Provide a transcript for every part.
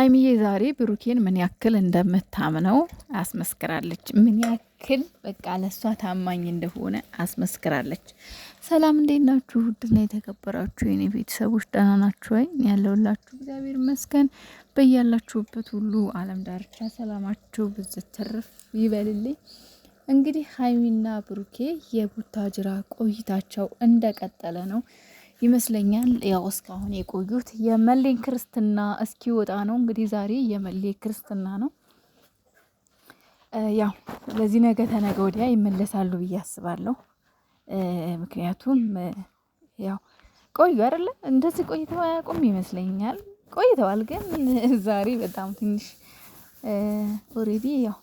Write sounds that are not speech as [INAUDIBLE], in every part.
ሀይሚዬ ዛሬ ብሩኬን ምን ያክል እንደምታምነው አስመስክራለች። ምን ያክል በቃ ለእሷ ታማኝ እንደሆነ አስመስክራለች። ሰላም እንዴት ናችሁ? ውድና የተከበራችሁ የኔ ቤተሰቦች ደህና ናችሁ ወይ? ያለውላችሁ እግዚአብሔር ይመስገን። በያላችሁበት ሁሉ አለም ዳርቻ ሰላማችሁ ብዝ ትርፍ ይበልልኝ። እንግዲህ ሀይሚና ብሩኬ የቡታጅራ ቆይታቸው እንደቀጠለ ነው። ይመስለኛል። ያው እስካሁን የቆዩት የመሌን ክርስትና እስኪወጣ ነው። እንግዲህ ዛሬ የመሌ ክርስትና ነው። ያው ለዚህ ነገ ተነገ ወዲያ ይመለሳሉ ብዬ አስባለሁ። ምክንያቱም ያው ቆዩ አይደለ? እንደዚህ ቆይተው አያውቁም ይመስለኛል። ቆይተዋል፣ ግን [LAUGHS] ዛሬ በጣም ትንሽ ኦሬዲ ያው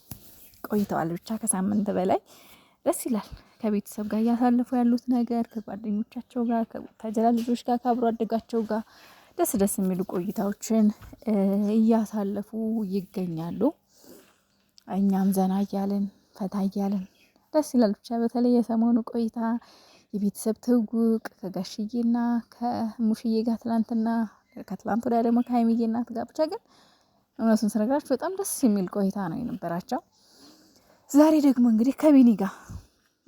ቆይተዋል ብቻ ከሳምንት በላይ ደስ ይላል። ከቤተሰብ ጋር እያሳለፉ ያሉት ነገር ከጓደኞቻቸው ጋር ከጀላ ልጆች ጋር ከአብሮ አደጋቸው ጋር ደስ ደስ የሚሉ ቆይታዎችን እያሳለፉ ይገኛሉ። እኛም ዘና እያልን ፈታ እያልን ደስ ይላል። ብቻ በተለይ የሰሞኑ ቆይታ የቤተሰብ ትውውቅ ከጋሽዬና ከሙሽዬ ጋር ትላንትና ከትላንት ወዲያ ደግሞ ከሀይሚዬ እናት ጋር ብቻ ግን እውነቱን ስነግራችሁ በጣም ደስ የሚል ቆይታ ነው የነበራቸው። ዛሬ ደግሞ እንግዲህ ከቢኒ ጋር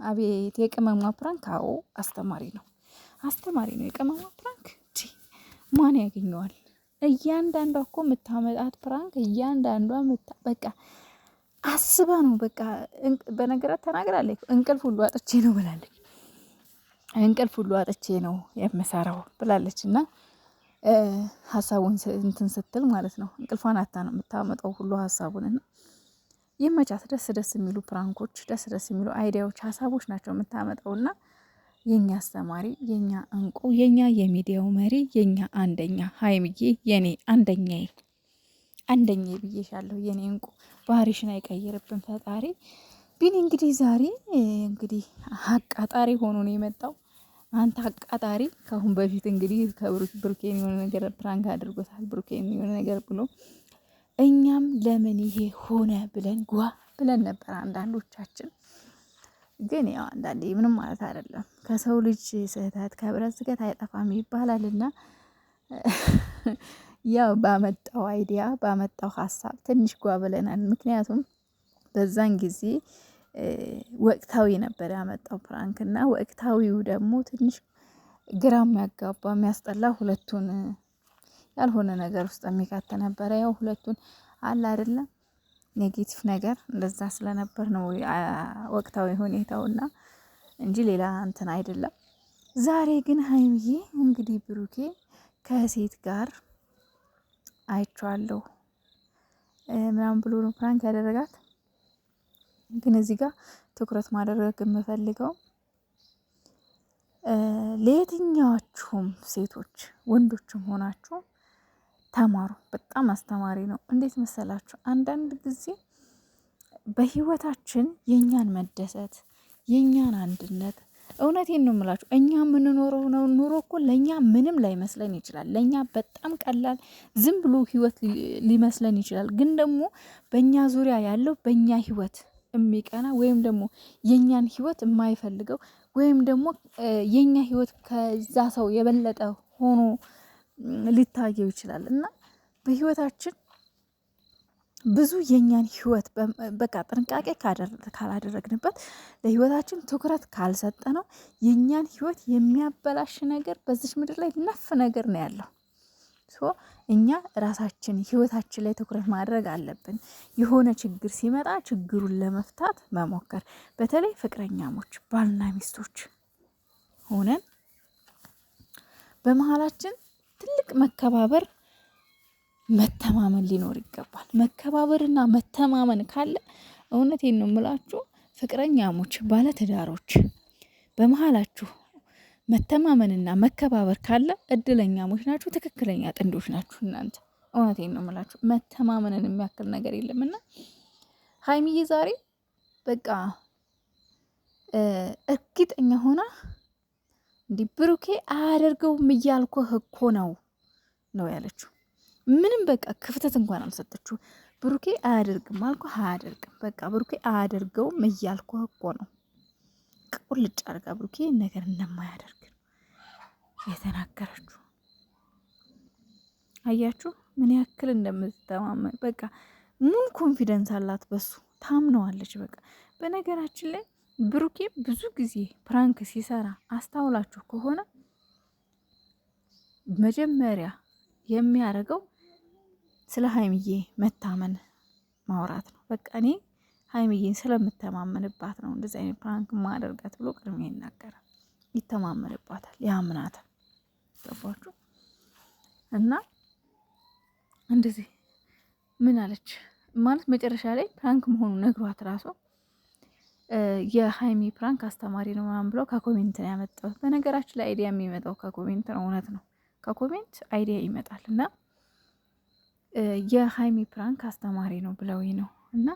አቤት የቅመማ ፕራንክ! አዎ አስተማሪ ነው፣ አስተማሪ ነው የቅመማ ፕራንክ። ማን ያገኘዋል? እያንዳንዷ እኮ የምታመጣት ፕራንክ እያንዳንዷ በቃ አስባ ነው በቃ። በነገራት ተናግራለች። እንቅልፍ ሁሉ አጥቼ ነው ብላለች። እንቅልፍ ሁሉ አጥቼ ነው የምሰራው ብላለች። እና ሀሳቡን እንትን ስትል ማለት ነው እንቅልፏን አታ ነው የምታመጣው ሁሉ ሀሳቡን እና ይመቻት። ደስ ደስ የሚሉ ፕራንኮች፣ ደስ ደስ የሚሉ አይዲያዎች፣ ሀሳቦች ናቸው የምታመጣውና የኛ አስተማሪ፣ የኛ እንቁ፣ የኛ የሚዲያው መሪ፣ የኛ አንደኛ ሀይምዬ፣ የኔ አንደኛ አንደኛ ብዬሻለሁ የኔ እንቁ፣ ባህሪሽን አይቀይርብን ፈጣሪ። ቢኒ እንግዲህ ዛሬ እንግዲህ አቃጣሪ ሆኖ ነው የመጣው። አንተ አቃጣሪ! ካሁን በፊት እንግዲህ ከብሩኬን የሆነ ነገር ፕራንክ አድርጎታል። ብሩኬን የሆነ ነገር ብሎ እኛም ለምን ይሄ ሆነ ብለን ጓ ብለን ነበር። አንዳንዶቻችን ግን ያው አንዳንዴ ምንም ማለት አይደለም። ከሰው ልጅ ስህተት ከብረት ዝገት አይጠፋም ይባላልና ያው ባመጣው አይዲያ ባመጣው ሀሳብ ትንሽ ጓ ብለናል። ምክንያቱም በዛን ጊዜ ወቅታዊ ነበር ያመጣው ፕራንክና እና ወቅታዊው ደግሞ ትንሽ ግራ የሚያጋባ የሚያስጠላ ሁለቱን ያልሆነ ነገር ውስጥ የሚካት ነበረ። ያው ሁለቱን አለ አይደለም ኔጌቲቭ ነገር እንደዛ ስለነበር ነው ወቅታዊ ሁኔታውና እንጂ ሌላ እንትን አይደለም። ዛሬ ግን ሀይሚዬ እንግዲህ ብሩኬ ከሴት ጋር አይቼዋለሁ ምናምን ብሎ ነው ፕራንክ ያደረጋት። ግን እዚህ ጋር ትኩረት ማድረግ የምፈልገው ለየትኛዋችሁም ሴቶች ወንዶችም ሆናችሁ ተማሩ። በጣም አስተማሪ ነው። እንዴት መሰላችሁ? አንዳንድ ጊዜ በህይወታችን የእኛን መደሰት የእኛን አንድነት እውነቴን ነው የምላችሁ። እኛ የምንኖረው ነው ኑሮ እኮ ለእኛ ምንም ላይመስለን ይችላል። ለእኛ በጣም ቀላል ዝም ብሎ ህይወት ሊመስለን ይችላል። ግን ደግሞ በእኛ ዙሪያ ያለው በእኛ ህይወት የሚቀና ወይም ደግሞ የእኛን ህይወት የማይፈልገው ወይም ደግሞ የእኛ ህይወት ከዛ ሰው የበለጠ ሆኖ ሊታየው ይችላል እና በህይወታችን ብዙ የእኛን ህይወት በቃ ጥንቃቄ ካላደረግንበት ለህይወታችን ትኩረት ካልሰጠ ነው። የእኛን ህይወት የሚያበላሽ ነገር በዚች ምድር ላይ ነፍ ነገር ነው ያለው። እኛ ራሳችን ህይወታችን ላይ ትኩረት ማድረግ አለብን። የሆነ ችግር ሲመጣ ችግሩን ለመፍታት መሞከር፣ በተለይ ፍቅረኛሞች ባልና ሚስቶች ሆነን በመሀላችን ትልቅ መከባበር፣ መተማመን ሊኖር ይገባል። መከባበርና መተማመን ካለ እውነቴን ነው የምላችሁ ፍቅረኛሞች፣ ባለትዳሮች በመሀላችሁ መተማመንና መከባበር ካለ እድለኛሞች ናችሁ። ትክክለኛ ጥንዶች ናችሁ እናንተ። እውነቴን ነው የምላችሁ መተማመንን የሚያክል ነገር የለምና ሀይሚዬ ዛሬ በቃ እርግጠኛ ሆና እንዲህ ብሩኬ አያደርገውም እያልኩህ እኮ ነው ነው ያለችው። ምንም በቃ ክፍተት እንኳን አልሰጠችው። ብሩኬ አያደርግም አልኩህ አያደርግም፣ በቃ ብሩኬ አያደርገውም እያልኩህ እኮ ነው። ቁልጭ አድርጋ ብሩኬ ነገር እንደማያደርግ የተናገረችው። አያችሁ ምን ያክል እንደምትተማመን። በቃ ሙሉ ኮንፊደንስ አላት በሱ ታምነዋለች። በቃ በነገራችን ላይ ብሩኬ ብዙ ጊዜ ፕራንክ ሲሰራ አስታውላችሁ ከሆነ መጀመሪያ የሚያደርገው ስለ ሀይምዬ መታመን ማውራት ነው። በቃ እኔ ሀይምዬን ስለምተማመንባት ነው እንደዚህ አይነት ፕራንክ ማደርጋት ብሎ ቅድሚያ ይናገራል። ይተማመንባታል፣ ያምናታል። ገባችሁ? እና እንደዚህ ምን አለች ማለት መጨረሻ ላይ ፕራንክ መሆኑ ነግሯት ራሷ የሀይሚ ፕራንክ አስተማሪ ነው ምናምን ብለው ከኮሜንት ነው ያመጣሁት። በነገራችን ላይ አይዲያ የሚመጣው ከኮሜንት ነው፣ እውነት ነው። ከኮሜንት አይዲያ ይመጣል እና የሀይሚ ፕራንክ አስተማሪ ነው ብለው ነው እና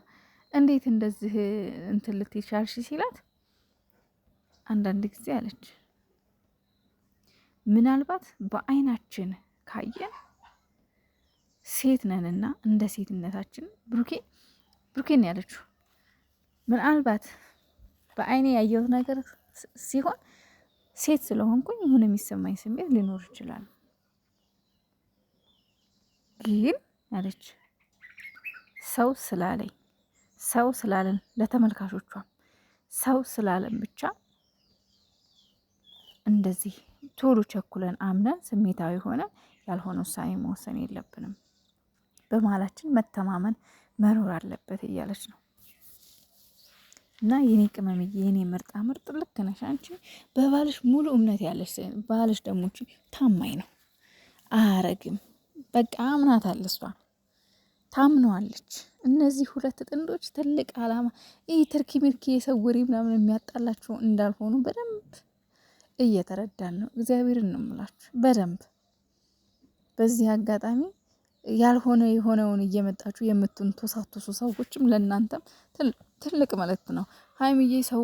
እንዴት እንደዚህ እንትን ልትቻልሽ ሲላት አንዳንድ ጊዜ አለች ምናልባት በአይናችን ካየን ሴት ነንና እንደ ሴትነታችን ብሩኬ ብሩኬን ያለችው ምናልባት በአይኔ ያየሁት ነገር ሲሆን ሴት ስለሆንኩኝ ይሁን የሚሰማኝ ስሜት ሊኖር ይችላል። ግን አለች ሰው ስላለኝ ሰው ስላለን ለተመልካቾቿም ሰው ስላለን ብቻ እንደዚህ ቶሎ ቸኩለን አምነን ስሜታዊ ሆነን ያልሆነ ውሳኔ መወሰን የለብንም። በመሀላችን መተማመን መኖር አለበት እያለች ነው። እና የኔ ቅመምዬ የኔ ምርጣ ምርጥ ልክ ነሽ አንቺ በባልሽ ሙሉ እምነት ያለሽ፣ ባልሽ ደግሞ ታማኝ ነው። አያረግም በቃ አምናት አለ እሷ ታምነዋለች። እነዚህ ሁለት ጥንዶች ትልቅ አላማ ይህ ትርኪ ምርኪ የሰውሪ ምናምን የሚያጣላቸው እንዳልሆኑ በደንብ እየተረዳን ነው። እግዚአብሔር እንምላችሁ በደንብ በዚህ አጋጣሚ ያልሆነ የሆነውን እየመጣችሁ የምትንቶሳቶሱ ሰዎችም ለእናንተም ትልቅ መልእክት ነው። ሀይምዬ ሰው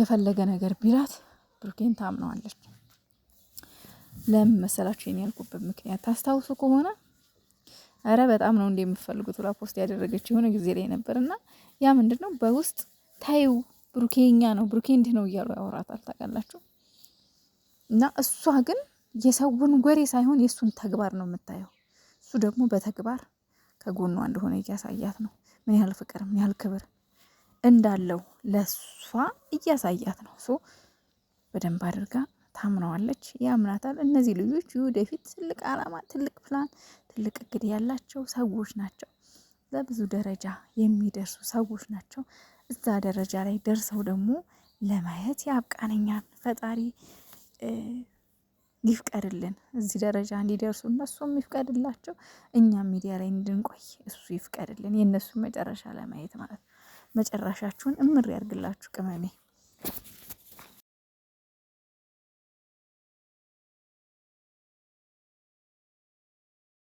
የፈለገ ነገር ቢላት ብሩኬን ታምነዋለች። ለምን መሰላችሁ? ይሄን ያልኩበት ምክንያት ታስታውሱ ከሆነ እረ በጣም ነው እንደ የምፈልጉት ብላ ፖስት ያደረገች የሆነ ጊዜ ላይ ነበር እና ያ ምንድን ነው በውስጥ ታዩ ብሩኬኛ ነው ብሩኬ እንዲህ ነው እያሉ ያወራታል ታውቃላችሁ። እና እሷ ግን የሰውን ወሬ ሳይሆን የእሱን ተግባር ነው የምታየው እሱ ደግሞ በተግባር ከጎኗ እንደሆነ እያሳያት ነው። ምን ያህል ፍቅር፣ ምን ያህል ክብር እንዳለው ለሷ እያሳያት ነው። ሶ በደንብ አድርጋ ታምነዋለች፣ ያምናታል። እነዚህ ልጆች ወደፊት ትልቅ አላማ ትልቅ ፕላን፣ ትልቅ እቅድ ያላቸው ሰዎች ናቸው። ለብዙ ደረጃ የሚደርሱ ሰዎች ናቸው። እዛ ደረጃ ላይ ደርሰው ደግሞ ለማየት ያብቃነኛል ፈጣሪ። ይፍቀድልን እዚህ ደረጃ እንዲደርሱ እነሱም ይፍቀድላቸው፣ እኛም ሚዲያ ላይ እንድንቆይ እሱ ይፍቀድልን። የእነሱን መጨረሻ ለማየት ማለት ነው። መጨረሻችሁን እምር ያርግላችሁ ቅመሜ